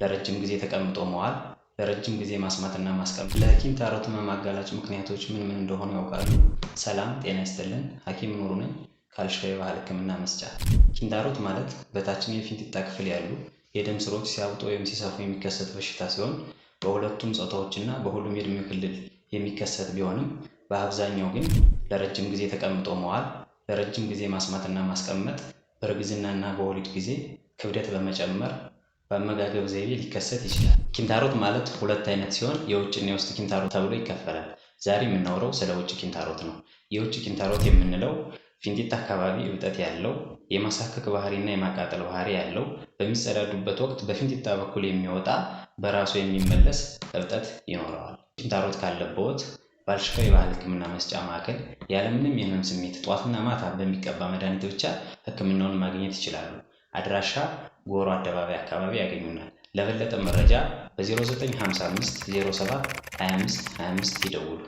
ለረጅም ጊዜ ተቀምጦ መዋል፣ ለረጅም ጊዜ ማስማትና ማስቀመጥ ለሐኪም ታሮት መማጋላጭ ምክንያቶች ምን ምን እንደሆኑ ያውቃሉ? ሰላም ጤና ይስጥልን። ሐኪም ኑሩ ነኝ የባህል ህክምና መስጫ። ኪንታሮት ማለት በታችኛው የፊንጢጣ ክፍል ያሉ የደም ስሮች ሲያብጡ ወይም ሲሰፉ የሚከሰት በሽታ ሲሆን በሁለቱም ጾታዎችና በሁሉም የእድሜ ክልል የሚከሰት ቢሆንም በአብዛኛው ግን ለረጅም ጊዜ ተቀምጦ መዋል፣ ለረጅም ጊዜ ማስማትና ማስቀመጥ፣ በእርግዝናና በወሊድ ጊዜ ክብደት በመጨመር በአመጋገብ ዘይቤ ሊከሰት ይችላል። ኪንታሮት ማለት ሁለት አይነት ሲሆን የውጭና የውስጥ ኪንታሮት ተብሎ ይከፈላል። ዛሬ የምናውረው ስለ ውጭ ኪንታሮት ነው። የውጭ ኪንታሮት የምንለው ፊንጢጣ አካባቢ እብጠት ያለው የማሳከክ ባህሪና የማቃጠል ባህሪ ያለው በሚጸዳዱበት ወቅት በፊንጢጣ በኩል የሚወጣ በራሱ የሚመለስ እብጠት ይኖረዋል። ኪንታሮት ካለበት ባልሽቃ የባህል ሕክምና መስጫ ማዕከል ያለምንም የህመም ስሜት ጠዋትና ማታ በሚቀባ መድኃኒት ብቻ ሕክምናውን ማግኘት ይችላሉ። አድራሻ ጎሮ አደባባይ አካባቢ ያገኙናል። ለበለጠ መረጃ በ0955 07 25 25 ይደውሉ።